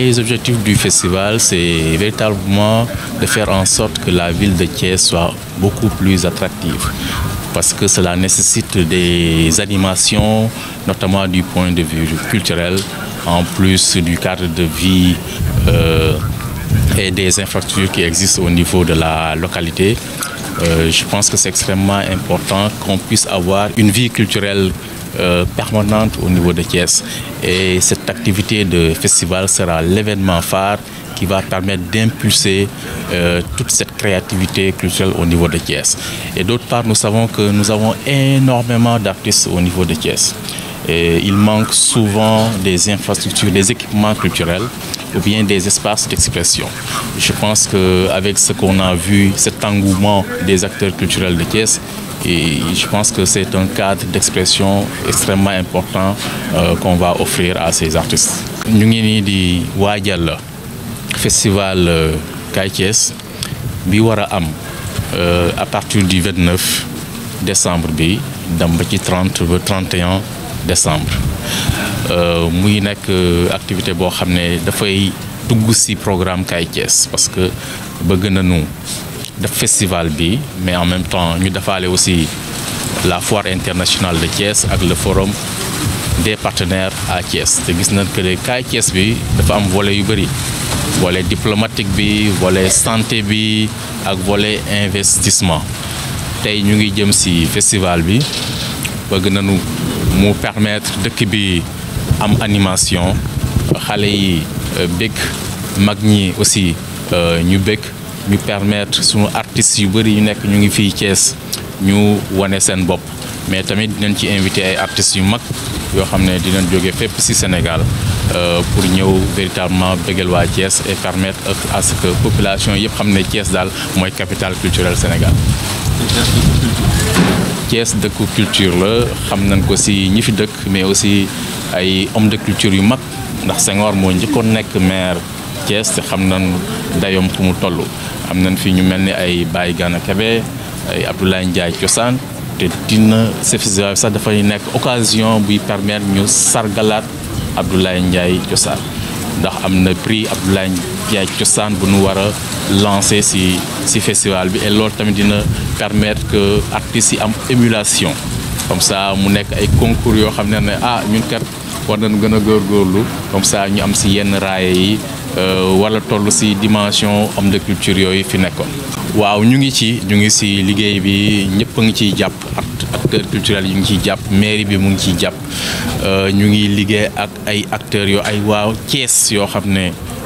Les objectifs du festival, c'est véritablement de faire en sorte que la ville de Thiès soit beaucoup plus attractive parce que cela nécessite des animations, notamment du point de vue culturel, en plus du cadre de vie euh, et des infrastructures qui existent au niveau de la localité. Euh, je pense que c'est extrêmement important qu'on puisse avoir une vie culturelle euh, permanente au niveau de Thiès. Et cette activité de festival sera l'événement phare qui va permettre d'impulser euh, toute cette créativité culturelle au niveau de Thiès. Et d'autre part, nous savons que nous avons énormément d'artistes au niveau de Thiès. Et il manque souvent des infrastructures, des équipements culturels ou bien des espaces d'expression. Je pense qu'avec ce qu'on a vu, cet engouement des acteurs culturels de Thiès, et je pense que c'est un cadre d'expression extrêmement important euh, qu'on va offrir à ces artistes. Nous sommes venus di festival euh, Kaay Biwara euh, à partir du 29 décembre bi le 30 ou 31 décembre muy avons activité pour xam ne tout le programme Kaay parce que nous avons le festival bi mais en même temps ñu devons aussi la foire internationale de Thiès ak le forum des partenaires à Thiès Nous gis nañ que les cas Thiès bi dafa am volet yu diplomatique bi santé bi ak volet investissement nous ñu ngi jëm ci festival bi bëgg nañu mu permettre de bi am animation xale yi euh, bëgg mag aussi euh, ñu bëgg nous permettre son artistes qui yu mais tamit artistes Sénégal euh, pour véritablement et permettre à ce que population yépp xamné Thiès capitale culturelle Sénégal. Thiès culture la xam ko ci mais aussi ay homme de culture yu mag ndax Senghor ñi ko nekk maire Thiès xam nañ am fi ñu melni ay Baye Gana Kebe ay Abdoulaye Ndiaye cosaan té dina festival bi sax dafay nekk occasion buy permettre ñu sargalat Abdoulaye Ndiaye cosaan ndax amna prix Abdoulaye Ndiaye cosaan bu ñu wara lancer ci ci festival bi et lool tamit dina permettre que artistes yi am émulation comme ça mu nekk ay concours yo xamné ne ah ñun kat war nañ gëna gor gorlu comme ça ñu am ci yenn raaye yi Euh, wala toll si dimension homme de culture yooyu fi nekkoon. waaw ñu ngi ci ñu ngi si liggéey bi ñëpp a ngi ciy jàpp acteur culturel yi ngi ciy jàpp mairie bi mu ngi ciy jàpp euh, ñu ngi liggéey ak ay acteurs yoo ay waaw Thiès yoo xam ne.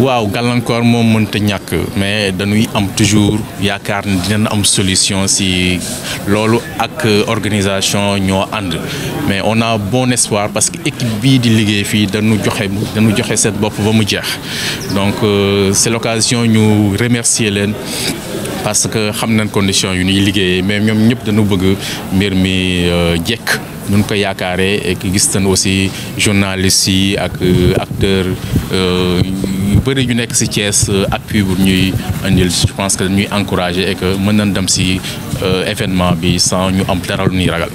Wow, je suis mais dañuy am toujours yaakaar solution si l'organisation. Euh, organisation mais on a bon espoir parce que équipe de di liggéey donc euh, c'est l'occasion nous remercier parce que nous condition mais euh, nous et aussi journalistes acteurs bëri ñu nekk si Thiès euh, appui bu ñuy indil je pense que ñuy encouragé et que mën nañ dem si euh, événement bi sans ñu am dara lu ñuy ragal.